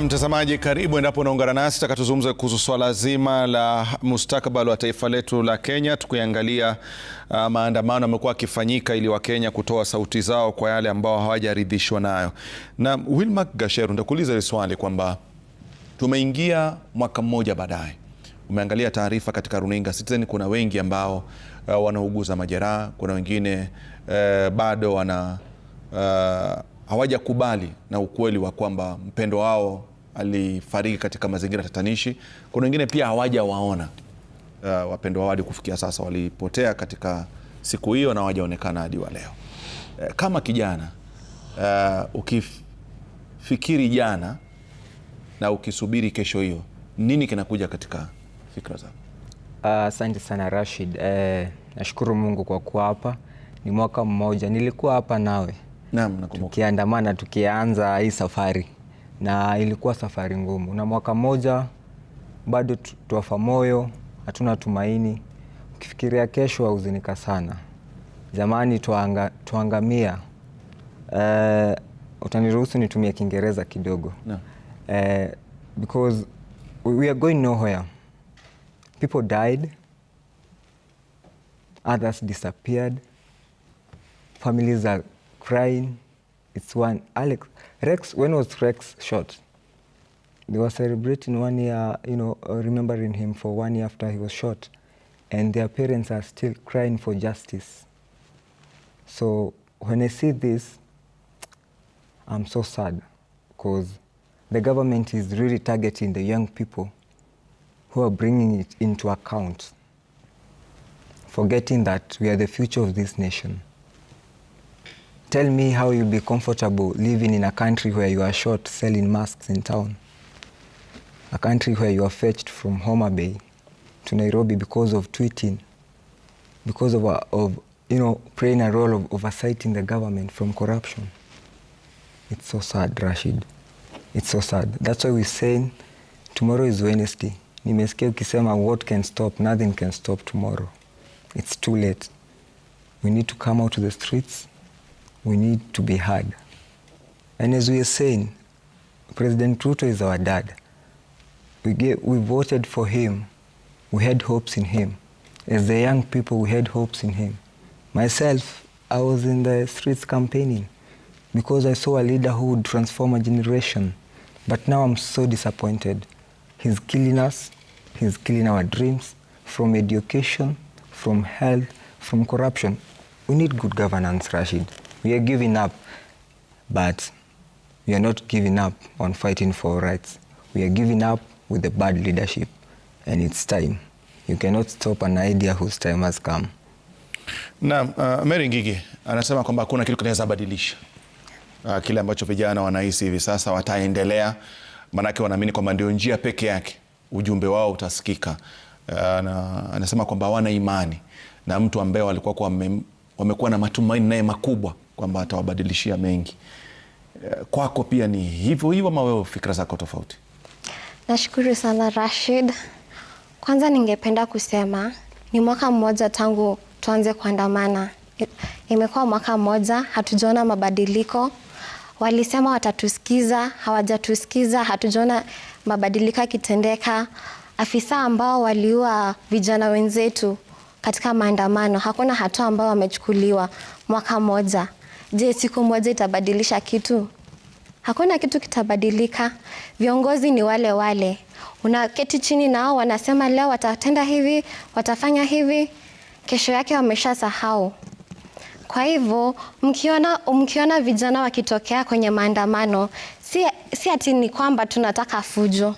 mtazamaji, karibu endapo unaungana nasi, taka tuzungumze kuhusu swala zima la mustakabali wa taifa letu la Kenya, tukiangalia uh, maandamano yamekuwa akifanyika ili Wakenya kutoa sauti zao kwa yale ambao hawajaridhishwa nayo. Na Wilma Gasheru, nitakuuliza hili swali kwamba tumeingia mwaka mmoja baadaye umeangalia taarifa katika runinga Citizen, kuna wengi ambao uh, wanauguza majeraha, kuna wengine uh, bado wana uh, hawajakubali na ukweli wa kwamba mpendo wao alifariki katika mazingira tatanishi. Kuna wengine pia hawajawaona uh, wapendo wao hadi kufikia sasa, walipotea katika siku hiyo na hawajaonekana hadi wa leo. Uh, kama kijana uh, ukifikiri jana na ukisubiri kesho, hiyo nini kinakuja katika fikra zako? Ah, asante uh, sana Rashid. Uh, nashukuru Mungu kwa kuwa hapa, ni mwaka mmoja nilikuwa hapa nawe naam, nakumbuka. tukiandamana tukianza hii safari, na ilikuwa safari ngumu, na mwaka mmoja bado twafa moyo, hatuna tumaini, ukifikiria kesho hauzinika sana. Zamani tuanga, tuangamia. Uh, eh, utaniruhusu nitumie Kiingereza kidogo no. Uh, eh, because we are going nowhere people died others disappeared families are crying. It's one. Alex, Rex, when was Rex shot? They were celebrating one year, you know, uh, remembering him for one year after he was shot. And their parents are still crying for justice. So when I see this, I'm so sad because the government is really targeting the young people who are bringing it into account, forgetting that we are the future of this nation. Tell me how you'll be comfortable living in a country where you are short selling masks in town. A country where you are fetched from Homa Bay to Nairobi because of tweeting, because of, uh, of you know, playing a role of oversighting the government from corruption. It's so sad, Rashid. It's so sad. That's why we're saying tomorrow is Wednesday. Nimesikia ukisema what can stop, nothing can stop tomorrow. It's too late. We need to come out to the streets we need to be heard. And as we are saying, President Ruto is our dad. We, get, we voted for him. We had hopes in him. As the young people, we had hopes in him. Myself, I was in the streets campaigning because I saw a leader who would transform a generation. But now I'm so disappointed. He's killing us. He's killing our dreams from education, from health, from corruption. We need good governance, Rashid we are giving up but we are not giving up on fighting for rights we are giving up with the bad leadership and it's time you cannot stop an idea whose time has come Naam, uh, Mary Ngigi anasema kwamba hakuna kitu kinaweza badilisha uh, kile ambacho vijana wanahisi hivi sasa, wataendelea maanake wanaamini kwamba ndio njia peke yake ujumbe wao utasikika. Uh, na, anasema kwamba hawana imani na mtu ambaye walikuwa kwa wamekuwa na matumaini naye makubwa kwamba atawabadilishia mengi. Eh, kwako pia ni hivyo hivyo ama wewe fikra zako tofauti? Nashukuru sana Rashid. Kwanza ningependa kusema ni mwaka mmoja tangu tuanze kuandamana, imekuwa mwaka mmoja, hatujaona mabadiliko. Walisema watatusikiza, hawajatusikiza, hatujaona mabadiliko yakitendeka. Afisa ambao waliua vijana wenzetu katika maandamano, hakuna hatua ambayo wamechukuliwa mwaka moja. Je, siku moja itabadilisha kitu? Hakuna kitu kitabadilika. Viongozi ni wale wale, unaketi chini nao wanasema leo watatenda hivi, watafanya hivi, kesho yake wameshasahau. Kwa hivyo mkiona, mkiona vijana wakitokea kwenye maandamano, si, si ati ni kwamba tunataka fujo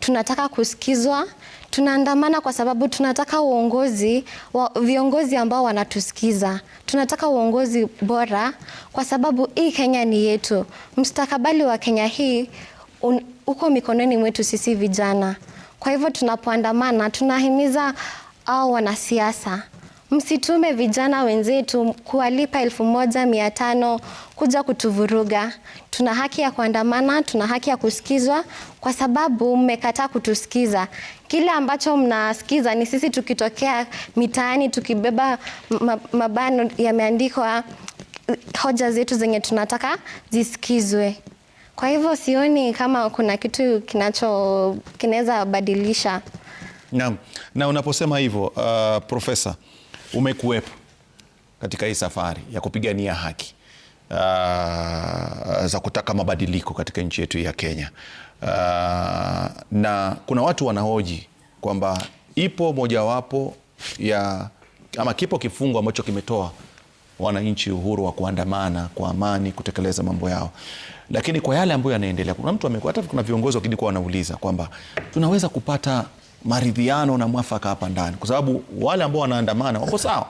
tunataka kusikizwa. Tunaandamana kwa sababu tunataka uongozi wa viongozi ambao wanatusikiza. Tunataka uongozi bora kwa sababu hii Kenya ni yetu. Mustakabali wa Kenya hii un, uko mikononi mwetu sisi vijana. Kwa hivyo tunapoandamana tunahimiza au wanasiasa Msitume vijana wenzetu kuwalipa elfu moja mia tano kuja kutuvuruga. Tuna haki ya kuandamana, tuna haki ya kusikizwa, kwa sababu mmekataa kutusikiza. Kile ambacho mnasikiza ni sisi tukitokea mitaani tukibeba mabano yameandikwa hoja zetu zenye tunataka zisikizwe. Kwa hivyo sioni kama kuna kitu kinacho kinaweza badilisha. na, na unaposema hivyo uh, profesa umekuwepo katika hii safari ya kupigania haki uh, za kutaka mabadiliko katika nchi yetu ya Kenya uh, na kuna watu wanahoji kwamba ipo mojawapo ya ama kipo kifungu ambacho kimetoa wananchi uhuru wa kuandamana kwa amani, kutekeleza mambo yao, lakini kwa yale ambayo yanaendelea, kuna mtu amekuwa hata, kuna viongozi wakidikwa wanauliza kwamba tunaweza kupata maridhiano na mwafaka hapa ndani, kwa sababu wale ambao wanaandamana wako sawa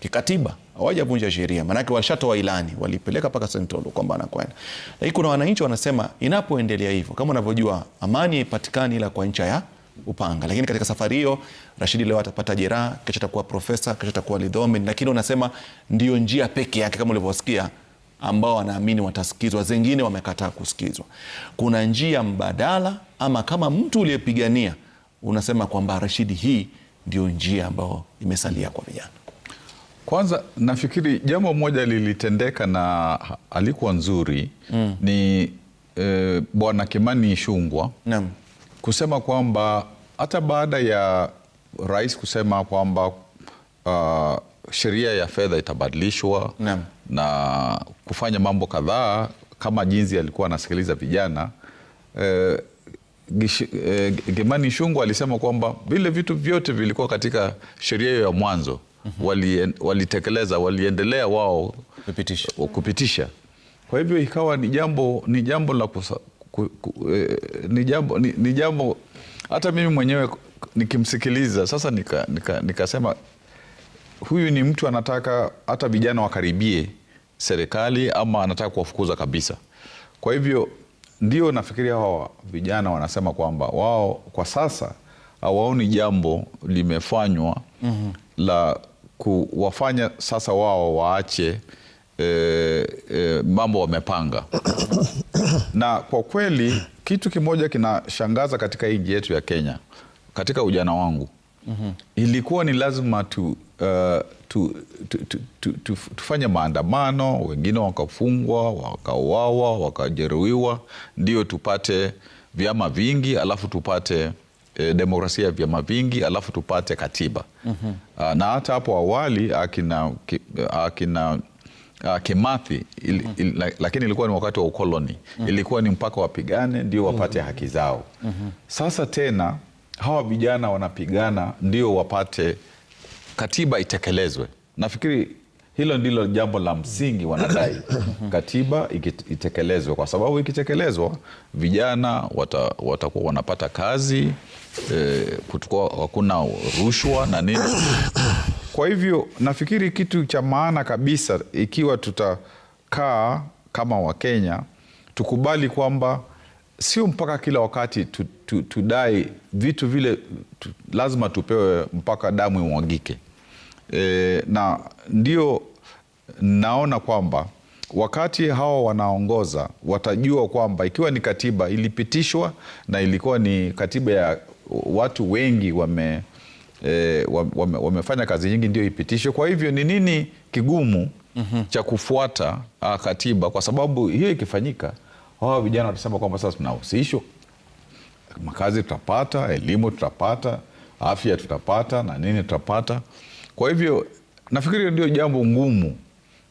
kikatiba, hawajavunja sheria, maanake walishatoa ilani, walipeleka mpaka sentolo kwamba anakwenda. Lakini kuna wananchi wanasema inapoendelea hivyo, kama unavyojua, amani haipatikani ila kwa ncha ya upanga. Lakini katika safari hiyo Rashidi leo atapata jeraha, kesho atakuwa profesa, kesho atakuwa lidhomi, lakini unasema ndio njia peke yake, kama ulivyosikia ambao wanaamini watasikizwa, zengine wamekataa kusikizwa. Kuna njia mbadala ama kama mtu uliyepigania unasema kwamba Rashidi, hii ndio njia ambayo imesalia kwa vijana? Kwanza nafikiri jambo moja lilitendeka na alikuwa nzuri mm. ni e, Bwana Kimani Ichung'wa mm. kusema kwamba hata baada ya rais kusema kwamba uh, sheria ya fedha itabadilishwa mm. na kufanya mambo kadhaa kama jinsi alikuwa anasikiliza vijana e, Gish, eh, Gemani Shungu alisema kwamba vile vitu vyote vilikuwa katika sheria hiyo ya mwanzo mm -hmm. Walitekeleza, wali waliendelea wao kupitisha, kupitisha. Kwa hivyo ikawa ni jambo ni jambo la kusa, ku, ku, eh, ni jambo ni, ni jambo hata mimi mwenyewe nikimsikiliza sasa nikasema nika, nika huyu ni mtu anataka hata vijana wakaribie serikali ama anataka kuwafukuza kabisa. Kwa hivyo ndio nafikiria hawa vijana wanasema kwamba wao kwa sasa hawaoni jambo limefanywa mm -hmm. la kuwafanya sasa wao waache e, e, mambo wamepanga na kwa kweli kitu kimoja kinashangaza katika nchi yetu ya Kenya katika ujana wangu mm -hmm. ilikuwa ni lazima tu, uh, tu, tu, tu, tu, tu, tufanye maandamano, wengine wakafungwa, wakauawa, wakajeruhiwa, ndio tupate vyama vingi, alafu tupate e, demokrasia ya vyama vingi, alafu tupate katiba mm -hmm. na hata hapo awali akina, akina Uh, Kimathi il, mhm. il, lakini ilikuwa ni wakati wa ukoloni mm -hmm. Ilikuwa ni mpaka wapigane ndio mhm. wapate haki zao mm -hmm. Sasa tena hawa vijana wanapigana ndio wapate katiba itekelezwe. Nafikiri hilo ndilo jambo la msingi wanadai, katiba itekelezwe, kwa sababu ikitekelezwa vijana watakuwa wata wanapata kazi e, kutukua hakuna rushwa na nini. Kwa hivyo nafikiri kitu cha maana kabisa, ikiwa tutakaa kama Wakenya tukubali kwamba sio mpaka kila wakati tudai tu, tu vitu vile tu, lazima tupewe mpaka damu imwagike. E, na ndio naona kwamba wakati hawa wanaongoza watajua kwamba ikiwa ni katiba ilipitishwa na ilikuwa ni katiba ya watu wengi wame, e, wame, wamefanya kazi nyingi ndio ipitishwe. Kwa hivyo ni nini kigumu mm -hmm. cha kufuata ah, katiba, kwa sababu hiyo ikifanyika hawa vijana watasema kwamba sasa tunahusishwa, makazi tutapata, elimu tutapata, afya tutapata na nini tutapata. Kwa hivyo nafikiri ndio jambo ngumu,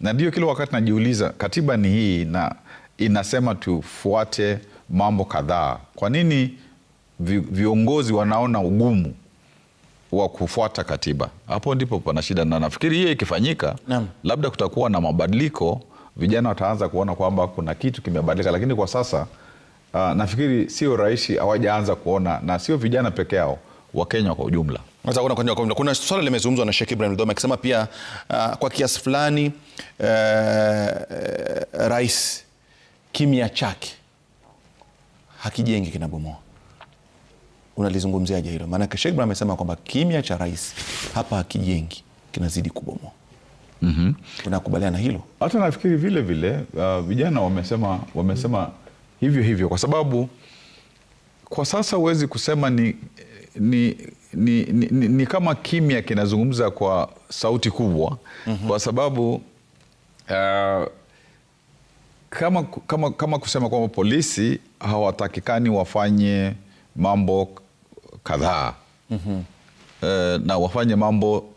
na ndio kila wakati najiuliza, katiba ni hii na inasema tufuate mambo kadhaa, kwa nini viongozi wanaona ugumu wa kufuata katiba? Hapo ndipo pana shida, na nafikiri hiyo ikifanyika, labda kutakuwa na mabadiliko vijana wataanza kuona kwamba kuna kitu kimebadilika, lakini kwa sasa uh, nafikiri sio rahisi, hawajaanza kuona na sio vijana peke yao, Wakenya kwa ujumla. Kuna swala limezungumzwa na Sheikh Ibrahim Dome akisema pia uh, kwa kiasi fulani uh, uh, rais kimya chake hakijengi kinabomoa. Unalizungumziaje hilo? Maanake Sheikh Ibrahim amesema kwamba kimya cha rais hapa hakijengi, kinazidi kubomoa mm -hmm. unakubaliana hilo. Hata nafikiri vile vile uh, vijana uh, wamesema, wamesema hivyo hivyo, kwa sababu kwa sasa huwezi kusema ni, ni, ni, ni, ni, ni kama kimya kinazungumza kwa sauti kubwa mm -hmm. kwa sababu uh, kama, kama, kama kusema kwamba polisi hawatakikani wafanye mambo kadhaa mm -hmm. uh, na wafanye mambo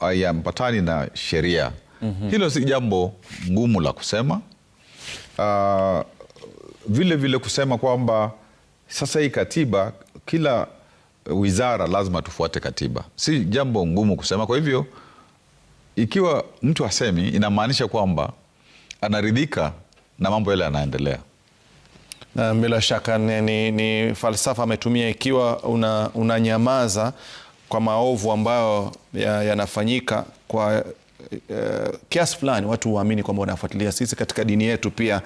haiambatani na sheria mm -hmm. Hilo si jambo ngumu la kusema uh, vile vile kusema kwamba sasa hii katiba, kila wizara lazima tufuate katiba, si jambo ngumu kusema. Kwa hivyo ikiwa mtu asemi, inamaanisha kwamba anaridhika na mambo yale yanaendelea. bila shaka ni, ni falsafa ametumia, ikiwa unanyamaza una kwa maovu ambayo yanafanyika ya kwa Uh, kiasi fulani watu huamini kwamba wanafuatilia. Sisi katika dini yetu pia ya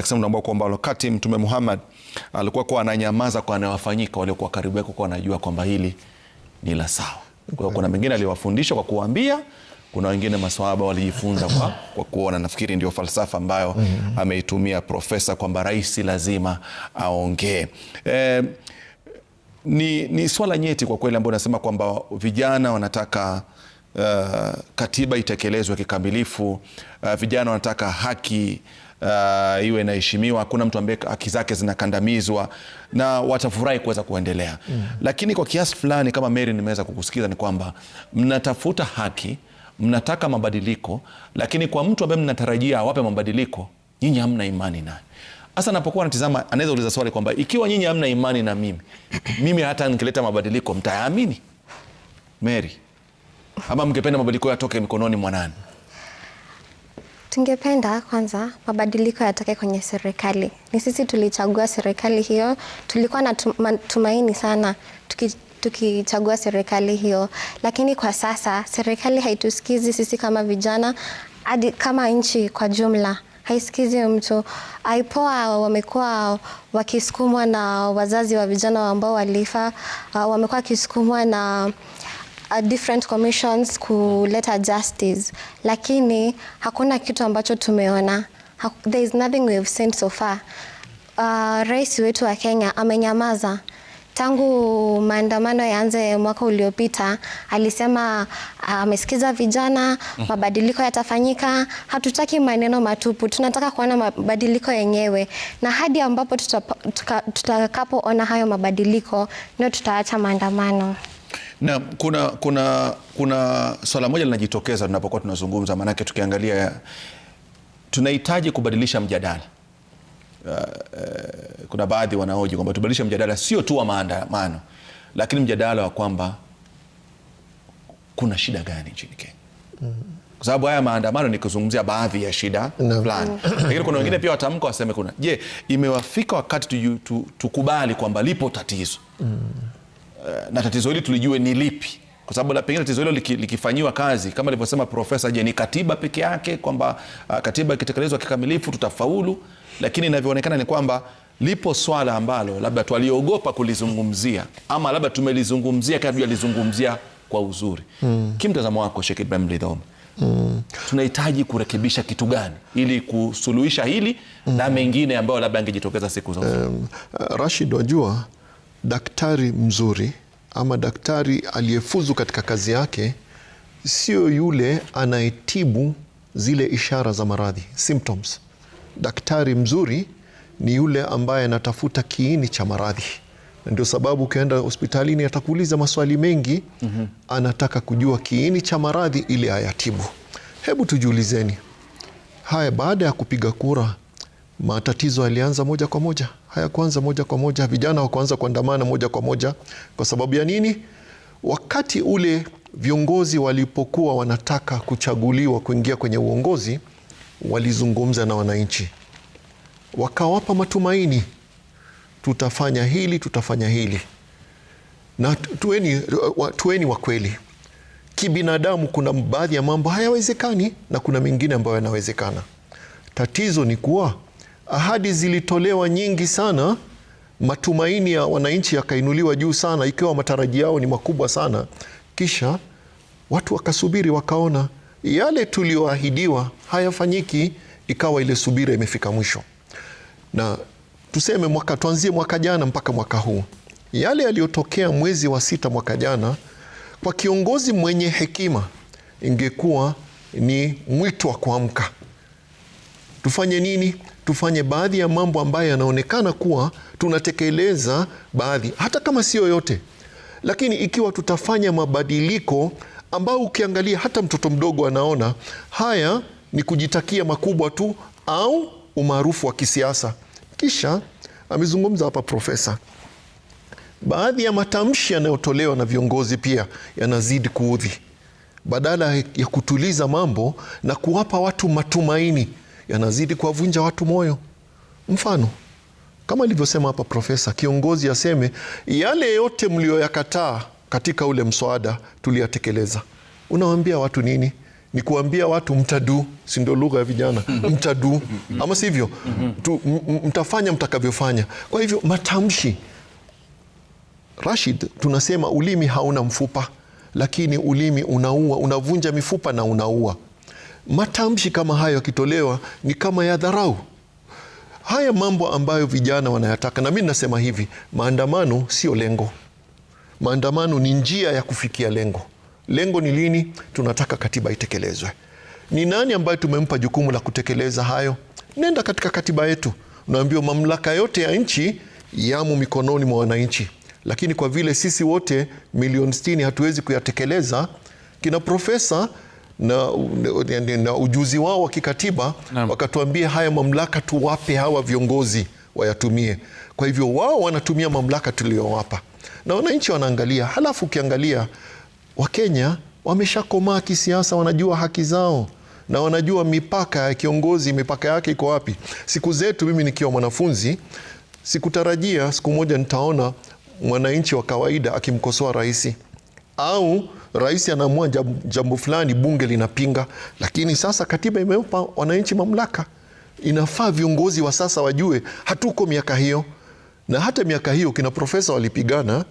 Kiislamu tunaambiwa kwamba wakati Mtume Muhammad alikuwa kwa ananyamaza kwa anayowafanyika waliokuwa karibu yake, kwa anajua kwamba hili ni la sawa. Kwa kuna mengine aliwafundisha kwa kuwaambia, kuna wengine maswahaba walijifunza kwa, kwa kuona. Nafikiri ndio falsafa ambayo mm-hmm. ameitumia profesa kwamba rais lazima aongee eh, ni, ni swala nyeti kwa kweli, ambao nasema kwamba vijana wanataka uh, katiba itekelezwe kikamilifu. Uh, vijana wanataka haki uh, iwe inaheshimiwa, hakuna mtu ambaye haki zake zinakandamizwa na watafurahi kuweza kuendelea mm. Lakini kwa kiasi fulani, kama Mary, nimeweza kukusikiza ni kwamba mnatafuta haki, mnataka mabadiliko, lakini kwa mtu ambaye mnatarajia awape mabadiliko, nyinyi hamna imani naye. Hasa napokuwa natizama anaweza uliza swali kwamba ikiwa nyinyi hamna imani na mimi, mimi hata nikileta mabadiliko mtayaamini Mary? Ama mngependa mabadiliko yatoke mikononi mwa nani? Tungependa kwanza mabadiliko yatoke kwenye serikali. Ni sisi tulichagua serikali hiyo, tulikuwa na tumaini sana tuki tukichagua serikali hiyo, lakini kwa sasa serikali haitusikizi sisi kama vijana hadi kama nchi kwa jumla haisikizi mtu. aipoa wamekuwa wakisukumwa na wazazi wa vijana ambao walifa, ah, wamekuwa wakisukumwa na ah, different commissions kuleta justice, lakini hakuna kitu ambacho tumeona. There is nothing we have seen so far. Uh, rais wetu wa Kenya amenyamaza tangu maandamano yaanze mwaka uliopita, alisema ah, amesikiza uh, vijana, mhm. mabadiliko yatafanyika. Hatutaki maneno matupu, tunataka kuona mabadiliko yenyewe, na hadi ambapo tutakapoona hayo mabadiliko ndio tutaacha maandamano. Na kuna, kuna, kuna swala moja linajitokeza tunapokuwa tunazungumza, maanake tukiangalia tunahitaji kubadilisha mjadala uh, kuna baadhi wanaoji kwamba tubadilishe mjadala sio tu wa maandamano, lakini mjadala wa kwamba kuna shida gani nchini Kenya mm kwa sababu haya maandamano ni kuzungumzia baadhi ya shida fulani no. lakini kuna wengine pia watamka waseme kuna je, imewafika wakati tukubali kwamba lipo tatizo mm uh, na tatizo hili tulijue ni lipi kwa sababu la pengine tatizo hilo liki, likifanyiwa kazi kama alivyosema profesa. Je, ni katiba peke yake kwamba uh, katiba ikitekelezwa kikamilifu tutafaulu? Lakini inavyoonekana ni kwamba lipo swala ambalo labda twaliogopa kulizungumzia ama labda tumelizungumzia kama hatujalizungumzia kwa uzuri mm. Kimtazamo wako Sheikh Ibrahim Lidhoma hmm. tunahitaji kurekebisha kitu gani ili kusuluhisha hili hmm. na mengine ambayo labda angejitokeza siku za Um, Rashid, wajua daktari mzuri ama daktari aliyefuzu katika kazi yake sio yule anayetibu zile ishara za maradhi symptoms. Daktari mzuri ni yule ambaye anatafuta kiini cha maradhi, na ndio sababu ukienda hospitalini atakuuliza maswali mengi mm -hmm. Anataka kujua kiini cha maradhi ili ayatibu. Hebu tujiulizeni haya, baada ya kupiga kura matatizo yalianza moja kwa moja, hayakuanza moja kwa moja, vijana wakuanza kuandamana moja kwa moja. Kwa sababu ya nini? Wakati ule viongozi walipokuwa wanataka kuchaguliwa kuingia kwenye uongozi, walizungumza na wananchi, wakawapa matumaini, tutafanya hili, tutafanya hili, na tueni, tueni wa kweli kibinadamu kuna baadhi ya mambo hayawezekani na kuna mengine ambayo yanawezekana. Tatizo ni kuwa ahadi zilitolewa nyingi sana, matumaini ya wananchi yakainuliwa juu sana, ikiwa mataraji yao ni makubwa sana, kisha watu wakasubiri, wakaona yale tuliyoahidiwa hayafanyiki, ikawa ile subira imefika mwisho. Na tuseme mwaka, tuanzie mwaka jana mpaka mwaka huu, yale yaliyotokea mwezi wa sita mwaka jana, kwa kiongozi mwenye hekima ingekuwa ni mwito wa kuamka. Tufanye nini? tufanye baadhi ya mambo ambayo yanaonekana kuwa tunatekeleza baadhi, hata kama sio yote, lakini ikiwa tutafanya mabadiliko ambao ukiangalia hata mtoto mdogo anaona haya ni kujitakia makubwa tu au umaarufu wa kisiasa. Kisha amezungumza hapa profesa, baadhi ya matamshi yanayotolewa na viongozi pia yanazidi kuudhi, badala ya kutuliza mambo na kuwapa watu matumaini yanazidi kuwavunja watu moyo. Mfano kama ilivyosema hapa profesa, kiongozi aseme yale yote mliyoyakataa katika ule mswada tuliyatekeleza. unawambia watu nini? Ni kuambia watu mtaduu, si ndio lugha ya vijana? Mhm. mtadu mhm. ama sivyo, mhm. mtafanya mtakavyofanya. Kwa hivyo matamshi, Rashid, tunasema ulimi hauna mfupa, lakini ulimi unaua, unavunja mifupa na unaua matamshi kama hayo yakitolewa ni kama ya dharau. Haya mambo ambayo vijana wanayataka, na mi nasema hivi, maandamano sio lengo. Maandamano ni njia ya kufikia lengo. Lengo ni lini? Tunataka katiba itekelezwe. Ni nani ambayo tumempa jukumu la kutekeleza hayo? Nenda katika katiba yetu, unaambiwa mamlaka yote ya nchi yamo mikononi mwa wananchi, lakini kwa vile sisi wote milioni 0 hatuwezi kuyatekeleza, kina profesa na, na ujuzi wao wa kikatiba wakatuambia haya mamlaka tuwape hawa viongozi wayatumie. Kwa hivyo wao wanatumia mamlaka tuliyowapa na wananchi wanaangalia. Halafu ukiangalia Wakenya wameshakomaa kisiasa, wanajua haki zao na wanajua mipaka ya kiongozi, mipaka yake iko wapi. Siku zetu, mimi nikiwa mwanafunzi sikutarajia siku moja nitaona mwananchi wa kawaida akimkosoa rais au rais anaamua jambo fulani, bunge linapinga, lakini sasa katiba imewapa wananchi mamlaka. Inafaa viongozi wa sasa wajue hatuko miaka hiyo, na hata miaka hiyo kina profesa walipigana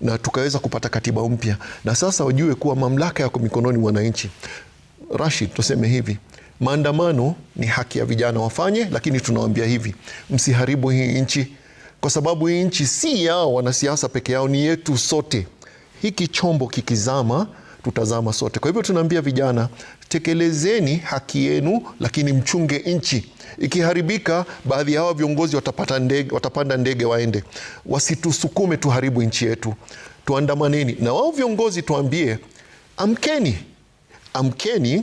na tukaweza kupata katiba mpya, na sasa wajue kuwa mamlaka yako mikononi wananchi. Rashid, tuseme hivi, maandamano ni haki ya vijana wafanye, lakini tunawambia hivi, msiharibu hii nchi, kwa sababu hii nchi si yao wanasiasa peke yao, ni yetu sote hiki chombo kikizama tutazama sote. Kwa hivyo tunaambia vijana, tekelezeni haki yenu, lakini mchunge nchi. Ikiharibika, baadhi ya hawa viongozi watapata ndege, watapanda ndege waende, wasitusukume tuharibu nchi yetu. Tuandamaneni na wao viongozi, tuambie amkeni, amkeni,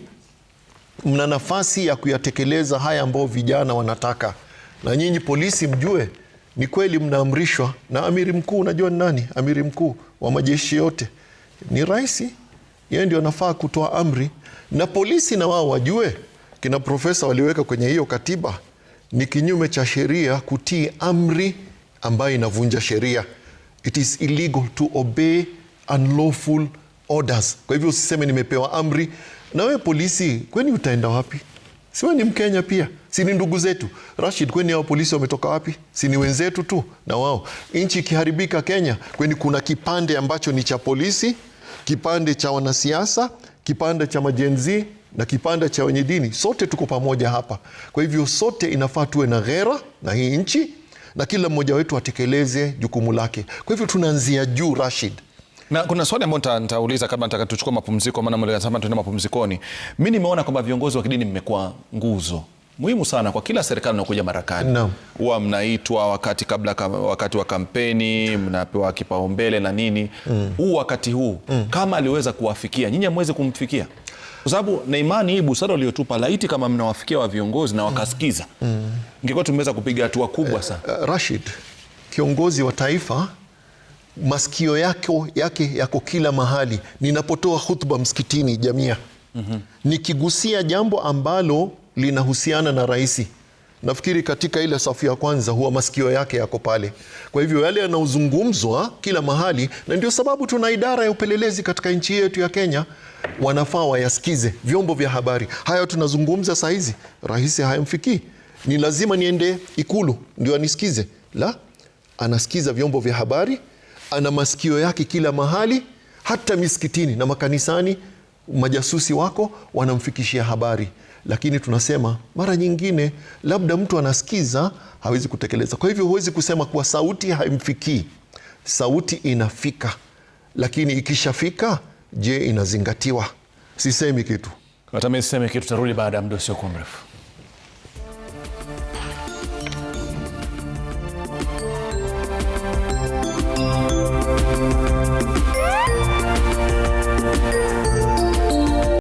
mna nafasi ya kuyatekeleza haya ambayo vijana wanataka. Na nyinyi polisi, mjue ni kweli mnaamrishwa na amiri mkuu. Unajua ni nani amiri mkuu wa majeshi yote? Ni rais. Yeye ndio anafaa kutoa amri, na polisi na wao wajue. Kina profesa waliweka kwenye hiyo katiba, ni kinyume cha sheria kutii amri ambayo inavunja sheria. It is illegal to obey unlawful orders. Kwa hivyo usiseme nimepewa amri. Na wewe polisi, kwani utaenda wapi? siwe ni Mkenya pia, si ni ndugu zetu. Rashid, kweni hao polisi wametoka wapi? Si ni wenzetu tu na wao. Nchi ikiharibika Kenya, kweni kuna kipande ambacho ni cha polisi, kipande cha wanasiasa, kipande cha majenzi na kipande cha wenye dini. Sote tuko pamoja hapa. Kwa hivyo sote inafaa tuwe na ghera na hii nchi na kila mmoja wetu atekeleze jukumu lake. Kwa hivyo tunaanzia juu, Rashid. Na kuna swali ambalo nitauliza kabla nitakapochukua mapumziko, maana mlisema tuende mapumzikoni. Mimi nimeona kwamba viongozi wa kidini mmekuwa nguzo muhimu sana kwa kila serikali inayokuja Marekani huwa no. mnaitwa wakati kabla wakati wa kampeni mnapewa kipaumbele na nini mm. huu mm. wakati huu mm. kama aliweza kuwafikia nyinyi amweze kumfikia kwa sababu na imani hii busara uliotupa laiti kama mnawafikia wa viongozi na mm. wakasikiza mm. mm. ingekuwa tumeweza kupiga hatua kubwa eh, sana eh, Rashid kiongozi wa taifa masikio yako yake yako kila mahali. Ninapotoa hutuba msikitini, jamia mm -hmm. nikigusia jambo ambalo linahusiana na rais, nafikiri katika ile safu ya kwanza huwa masikio yake yako pale. Kwa hivyo yale yanaozungumzwa kila mahali, na ndio sababu tuna idara ya upelelezi katika nchi yetu ya Kenya, wanafaa wayasikize vyombo vya habari haya. Tunazungumza saa hizi, rais hayamfikii, ni lazima niende Ikulu ndio anisikize? La, anasikiza vyombo vya habari ana masikio yake kila mahali, hata misikitini na makanisani. Majasusi wako wanamfikishia habari, lakini tunasema mara nyingine labda mtu anasikiza, hawezi kutekeleza. Kwa hivyo huwezi kusema kuwa sauti haimfikii. Sauti inafika, lakini ikishafika, je, inazingatiwa? Sisemi kitu hata mimi kitu, tarudi baada ya muda usiokuwa mrefu.